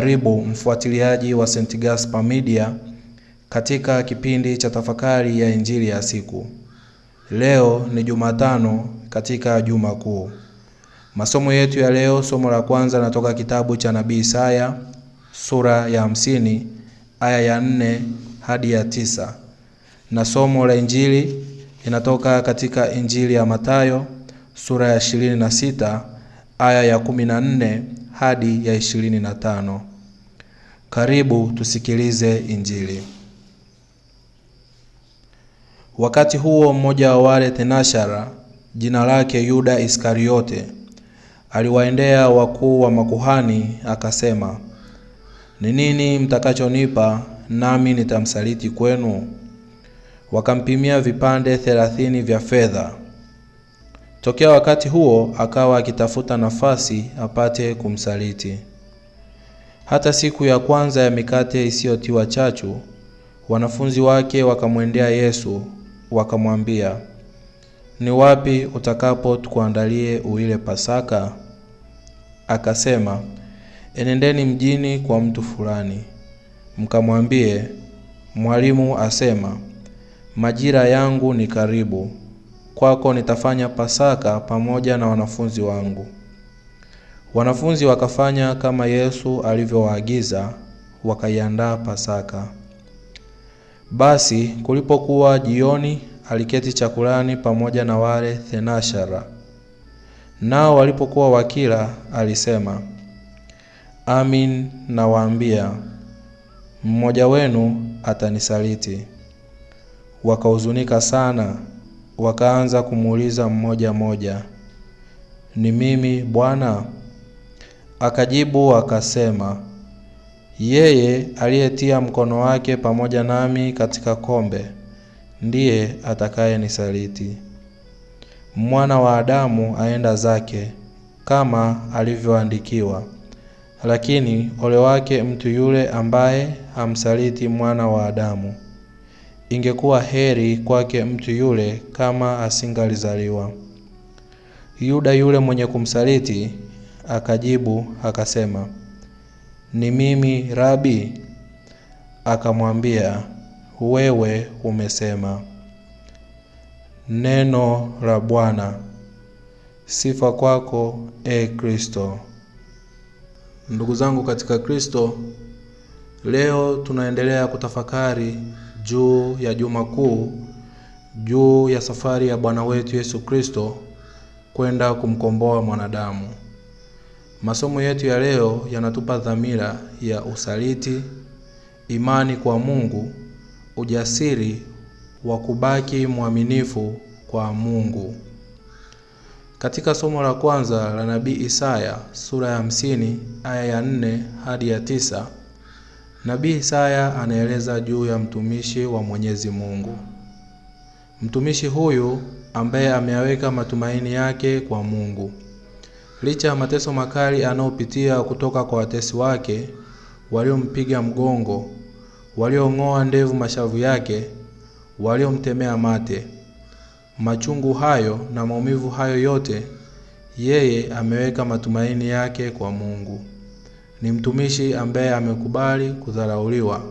Karibu mfuatiliaji wa St. Gaspar Media katika kipindi cha tafakari ya Injili ya siku. Leo ni Jumatano katika Juma Kuu. Masomo yetu ya leo, somo la kwanza natoka kitabu cha Nabii Isaya sura ya hamsini aya ya nne hadi ya tisa na somo la Injili inatoka katika Injili ya Mathayo sura ya ishirini na sita aya ya kumi hadi ya ishirini na tano. Karibu tusikilize Injili. Wakati huo mmoja wa wale tenashara, jina lake Yuda Iskariote, aliwaendea wakuu wa makuhani akasema, ni nini mtakachonipa nami nitamsaliti kwenu? Wakampimia vipande thelathini vya fedha. Tokea wakati huo akawa akitafuta nafasi apate kumsaliti. Hata siku ya kwanza ya mikate isiyotiwa chachu, wanafunzi wake wakamwendea Yesu wakamwambia, ni wapi utakapo tukuandalie uile Pasaka? Akasema, enendeni mjini kwa mtu fulani, mkamwambie, mwalimu asema, majira yangu ni karibu, kwako nitafanya Pasaka pamoja na wanafunzi wangu. Wanafunzi wakafanya kama Yesu alivyowaagiza, wakaiandaa Pasaka. Basi kulipokuwa jioni, aliketi chakulani pamoja na wale thenashara. Nao walipokuwa wakila, alisema, Amin nawaambia, mmoja wenu atanisaliti. Wakahuzunika sana, wakaanza kumuuliza mmoja mmoja, ni mimi Bwana? Akajibu akasema, yeye aliyetia mkono wake pamoja nami katika kombe ndiye atakayenisaliti. Mwana wa Adamu aenda zake kama alivyoandikiwa, lakini ole wake mtu yule ambaye hamsaliti mwana wa Adamu. Ingekuwa heri kwake mtu yule kama asingalizaliwa. Yuda yule mwenye kumsaliti Akajibu akasema, ni mimi Rabi. Akamwambia, wewe umesema. Neno la Bwana. Sifa kwako e Kristo. Ndugu zangu katika Kristo, leo tunaendelea kutafakari juu ya Juma Kuu, juu ya safari ya Bwana wetu Yesu Kristo kwenda kumkomboa mwanadamu. Masomo yetu ya leo yanatupa dhamira ya usaliti, imani kwa Mungu, ujasiri wa kubaki mwaminifu kwa Mungu. Katika somo la kwanza la nabii Isaya sura ya hamsini aya ya nne hadi ya tisa nabii Isaya anaeleza juu ya mtumishi wa Mwenyezi Mungu. Mtumishi huyu ambaye ameyaweka matumaini yake kwa Mungu Licha ya mateso makali anayopitia kutoka kwa watesi wake waliompiga mgongo, waliong'oa ndevu mashavu yake, waliomtemea mate, machungu hayo na maumivu hayo yote, yeye ameweka matumaini yake kwa Mungu. Ni mtumishi ambaye amekubali kudharauliwa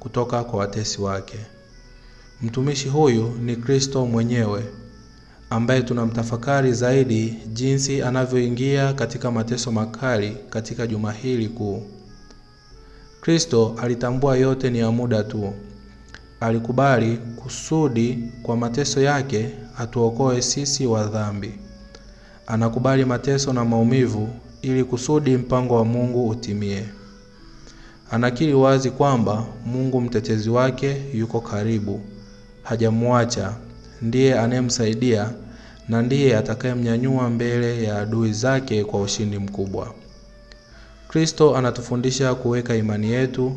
kutoka kwa watesi wake. Mtumishi huyu ni Kristo mwenyewe ambaye tunamtafakari zaidi jinsi anavyoingia katika mateso makali katika juma hili kuu. Kristo alitambua yote ni ya muda tu. Alikubali kusudi kwa mateso yake atuokoe sisi wa dhambi. Anakubali mateso na maumivu ili kusudi mpango wa Mungu utimie. Anakiri wazi kwamba Mungu mtetezi wake yuko karibu, hajamwacha ndiye anayemsaidia na ndiye atakayemnyanyua mbele ya adui zake kwa ushindi mkubwa. Kristo anatufundisha kuweka imani yetu,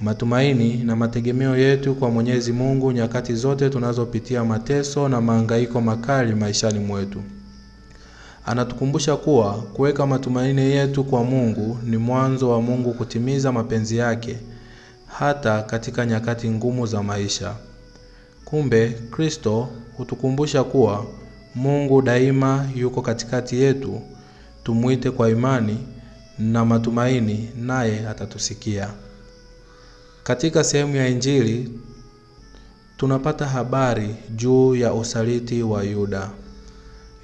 matumaini na mategemeo yetu kwa Mwenyezi Mungu nyakati zote tunazopitia mateso na mahangaiko makali maishani mwetu. Anatukumbusha kuwa kuweka matumaini yetu kwa Mungu ni mwanzo wa Mungu kutimiza mapenzi yake hata katika nyakati ngumu za maisha. Kumbe Kristo hutukumbusha kuwa Mungu daima yuko katikati yetu, tumwite kwa imani na matumaini, naye atatusikia. Katika sehemu ya Injili tunapata habari juu ya usaliti wa Yuda.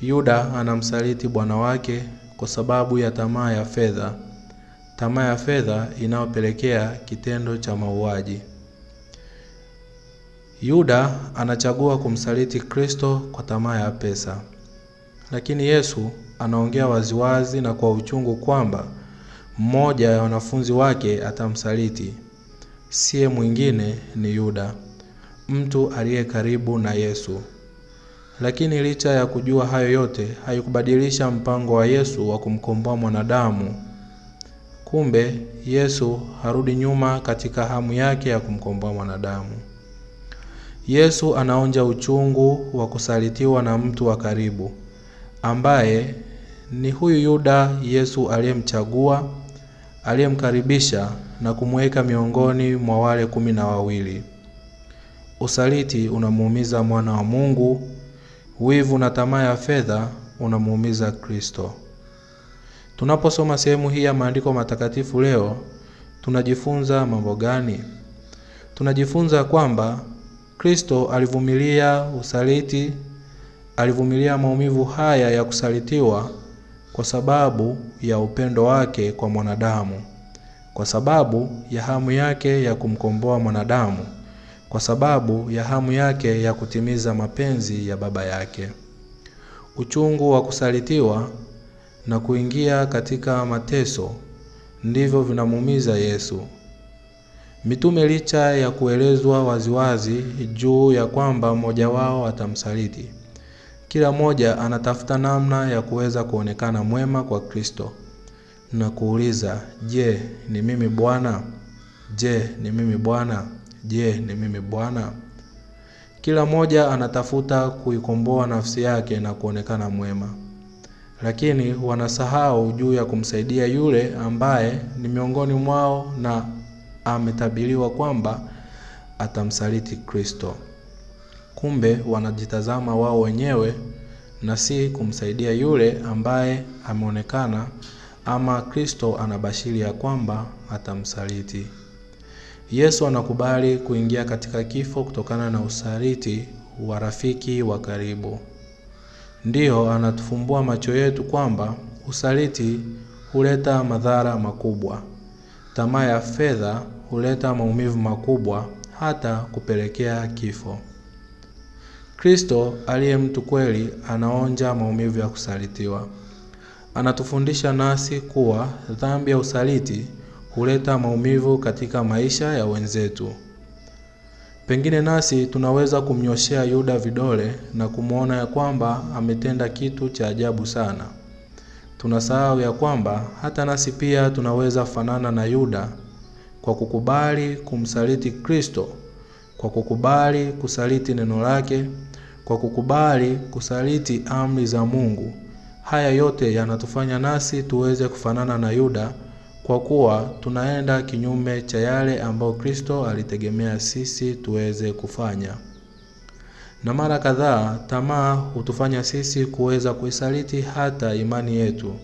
Yuda anamsaliti bwana wake kwa sababu ya tamaa ya fedha, tamaa ya fedha inayopelekea kitendo cha mauaji. Yuda anachagua kumsaliti Kristo kwa tamaa ya pesa. Lakini Yesu anaongea waziwazi na kwa uchungu kwamba mmoja ya wanafunzi wake atamsaliti. Siye mwingine ni Yuda, mtu aliye karibu na Yesu. Lakini licha ya kujua hayo yote, haikubadilisha mpango wa Yesu wa kumkomboa mwanadamu. Kumbe Yesu harudi nyuma katika hamu yake ya kumkomboa mwanadamu. Yesu anaonja uchungu wa kusalitiwa na mtu wa karibu ambaye ni huyu Yuda Yesu aliyemchagua, aliyemkaribisha na kumweka miongoni mwa wale kumi na wawili. Usaliti unamuumiza mwana wa Mungu, wivu na tamaa ya fedha unamuumiza Kristo. Tunaposoma sehemu hii ya maandiko matakatifu leo, tunajifunza mambo gani? Tunajifunza kwamba Kristo alivumilia usaliti, alivumilia maumivu haya ya kusalitiwa kwa sababu ya upendo wake kwa mwanadamu, kwa sababu ya hamu yake ya kumkomboa mwanadamu, kwa sababu ya hamu yake ya kutimiza mapenzi ya Baba yake. Uchungu wa kusalitiwa na kuingia katika mateso ndivyo vinamuumiza Yesu, Mitume licha ya kuelezwa waziwazi juu ya kwamba mmoja wao atamsaliti, kila mmoja anatafuta namna ya kuweza kuonekana mwema kwa Kristo na kuuliza, je, ni mimi Bwana? Je, ni mimi Bwana? Je, ni mimi Bwana? Kila mmoja anatafuta kuikomboa nafsi yake na kuonekana mwema, lakini wanasahau juu ya kumsaidia yule ambaye ni miongoni mwao na ametabiriwa kwamba atamsaliti Kristo. Kumbe wanajitazama wao wenyewe na si kumsaidia yule ambaye ameonekana ama Kristo anabashiri ya kwamba atamsaliti. Yesu anakubali kuingia katika kifo kutokana na usaliti wa rafiki wa karibu. Ndiyo anatufumbua macho yetu kwamba usaliti huleta madhara makubwa. Tamaa ya fedha huleta maumivu makubwa hata kupelekea kifo. Kristo aliye mtu kweli anaonja maumivu ya kusalitiwa. Anatufundisha nasi kuwa dhambi ya usaliti huleta maumivu katika maisha ya wenzetu. Pengine nasi tunaweza kumnyoshea Yuda vidole na kumwona ya kwamba ametenda kitu cha ajabu sana. Tunasahau ya kwamba hata nasi pia tunaweza fanana na Yuda kwa kukubali kumsaliti Kristo, kwa kukubali kusaliti neno lake, kwa kukubali kusaliti amri za Mungu. Haya yote yanatufanya nasi tuweze kufanana na Yuda, kwa kuwa tunaenda kinyume cha yale ambayo Kristo alitegemea sisi tuweze kufanya. Na mara kadhaa tamaa hutufanya sisi kuweza kuisaliti hata imani yetu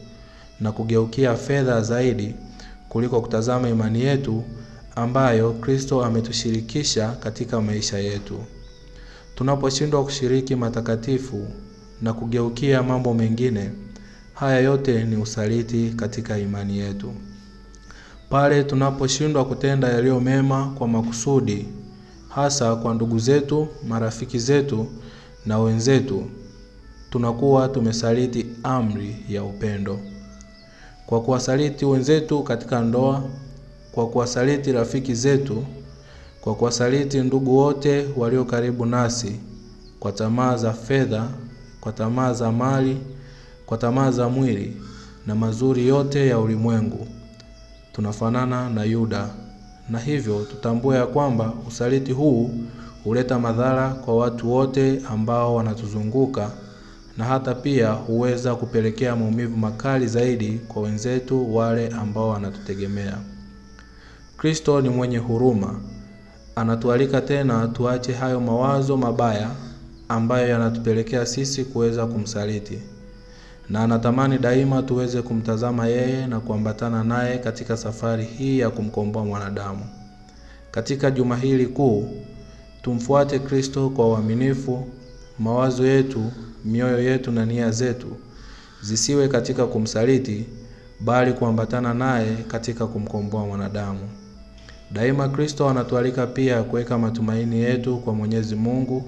na kugeukia fedha zaidi kuliko kutazama imani yetu ambayo Kristo ametushirikisha katika maisha yetu. Tunaposhindwa kushiriki matakatifu na kugeukia mambo mengine, haya yote ni usaliti katika imani yetu. Pale tunaposhindwa kutenda yaliyo mema kwa makusudi, hasa kwa ndugu zetu, marafiki zetu na wenzetu, tunakuwa tumesaliti amri ya upendo kwa kuwasaliti wenzetu katika ndoa, kwa kuwasaliti rafiki zetu, kwa kuwasaliti ndugu wote walio karibu nasi, kwa tamaa za fedha, kwa tamaa za mali, kwa tamaa za mwili na mazuri yote ya ulimwengu. Tunafanana na Yuda, na hivyo tutambue ya kwamba usaliti huu huleta madhara kwa watu wote ambao wanatuzunguka na hata pia huweza kupelekea maumivu makali zaidi kwa wenzetu wale ambao wanatutegemea. Kristo ni mwenye huruma, anatualika tena tuache hayo mawazo mabaya ambayo yanatupelekea sisi kuweza kumsaliti, na anatamani daima tuweze kumtazama yeye na kuambatana naye katika safari hii ya kumkomboa mwanadamu. Katika juma hili kuu, tumfuate Kristo kwa uaminifu. Mawazo yetu, mioyo yetu na nia zetu zisiwe katika kumsaliti, bali kuambatana naye katika kumkomboa mwanadamu. Daima Kristo anatualika pia kuweka matumaini yetu kwa Mwenyezi Mungu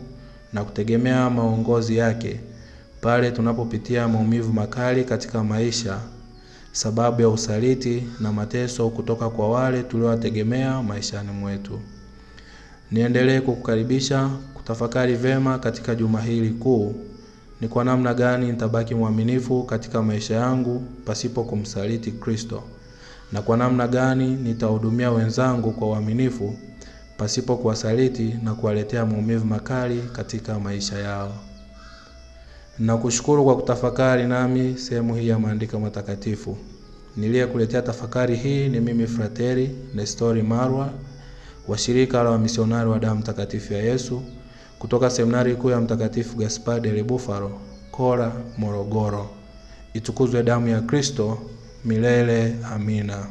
na kutegemea maongozi yake pale tunapopitia maumivu makali katika maisha, sababu ya usaliti na mateso kutoka kwa wale tuliowategemea maishani mwetu. Niendelee kukukaribisha kutafakari vema katika juma hili kuu, ni kwa namna gani nitabaki mwaminifu katika maisha yangu pasipo kumsaliti Kristo na kwa namna gani nitahudumia wenzangu kwa uaminifu pasipo kuwasaliti na kuwaletea maumivu makali katika maisha yao. Nakushukuru kwa kutafakari nami sehemu hii ya maandiko matakatifu. Niliyekuletea tafakari hii ni mimi Frateri Nestori Marwa wa shirika la wamisionari wa damu takatifu ya Yesu kutoka seminari kuu ya Mtakatifu Gaspar del Bufalo, Kora, Morogoro. Itukuzwe damu ya Kristo! milele. Amina.